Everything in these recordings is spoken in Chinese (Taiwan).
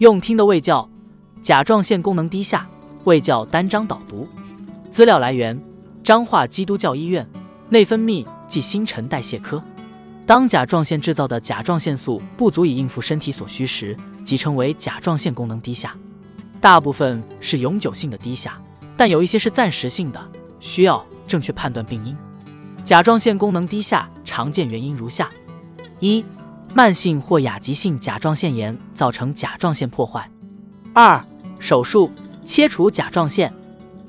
用聽的衛教，甲狀腺功能低下衛教單張導讀，資料來源：彰化基督教醫院內分泌暨新陳代謝科。當甲狀腺製造的甲狀腺素不足以應付身體所需時，即稱為甲狀腺功能低下。大部分是永久性的低下，但有一些是暫時性的，需要正確判斷病因。甲狀腺功能低下常見原因如下：一、慢性或亞急性甲狀腺炎造成甲狀腺破壞；二、手術切除甲狀腺；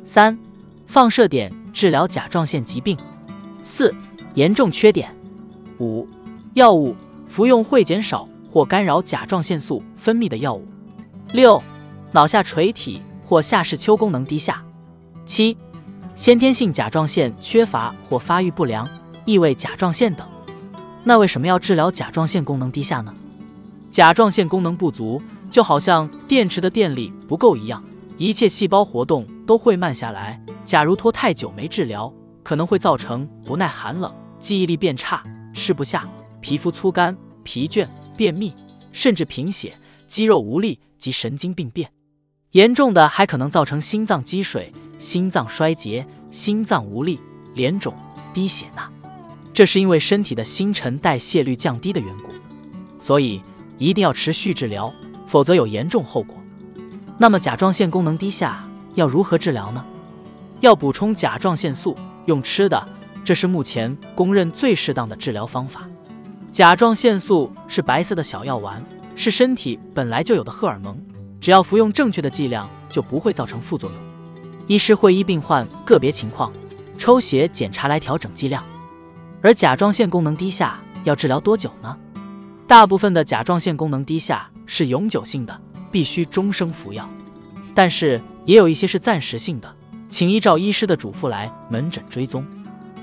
三、放射碘治療甲狀腺疾病；四、嚴重缺碘；五、藥物服用會減少或干擾甲狀腺素分泌的藥物；六、腦下垂體或下視丘功能低下；七、先天性甲狀腺缺乏或發育不良，異位甲狀腺等。那為什麼要治療甲狀腺功能低下呢？甲狀腺功能不足就好像電池的電力不夠一樣，一切細胞活動都會慢下來。假如拖太久沒治療，可能會造成不耐寒冷、記憶力變差、吃不下、皮膚粗乾、疲倦、便秘，甚至貧血、肌肉無力及神經病變。嚴重的還可能造成心臟積水、心臟衰竭、心臟無力、臉腫、低血鈉。這是因為身體的新陳代謝率降低的緣故，所以一定要持續治療，否則有嚴重後果。那麼甲狀腺功能低下要如何治療呢？要補充甲狀腺素，用吃的，這是目前公認最適當的治療方法。甲狀腺素是白色的小藥丸，是身體本來就有的荷爾蒙，只要服用正確的劑量，就不會造成副作用。醫師會依病患個別情況抽血檢查來調整劑量。而甲狀腺功能低下要治療多久呢？大部分的甲狀腺功能低下是永久性的，必須終生服藥。但是也有一些是暫時性的，請依照醫師的囑咐來門診追蹤。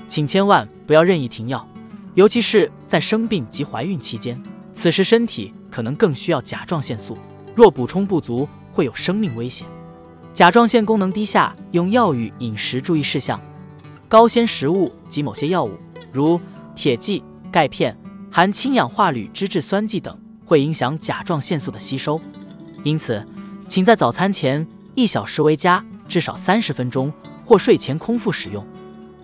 請千萬不要任意停藥，尤其是在生病及懷孕期間，此時身體可能更需要甲狀腺素，若補充不足會有生命危險。甲狀腺功能低下用藥與飲食注意事項：高纖食物及某些藥物。如鐵劑、鈣片、含氫氧化鋁、製酸劑等，會影響甲狀腺素的吸收，因此，請在早餐前一小時為佳，至少三十分鐘或睡前空腹使用。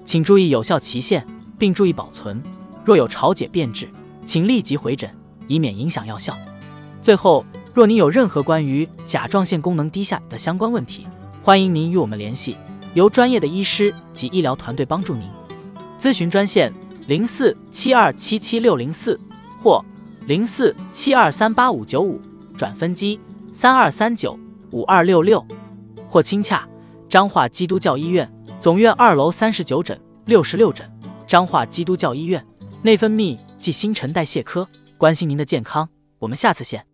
請注意有效期限，並注意保存。若有潮解、變質，請立即回診，以免影響藥效。最後，若您有任何關於甲狀腺功能低下的相關問題，歡迎您與我們聯繫，由專業的醫師及醫療團隊幫助您。諮詢專線：零四七二七七六零四或零四七二三八五九五轉分機三二三九五二六六，或親洽彰化基督教醫院總院二樓三十九診、六十六診，彰化基督教醫院內分泌暨新陳代謝科，關心您的健康，我們下次見。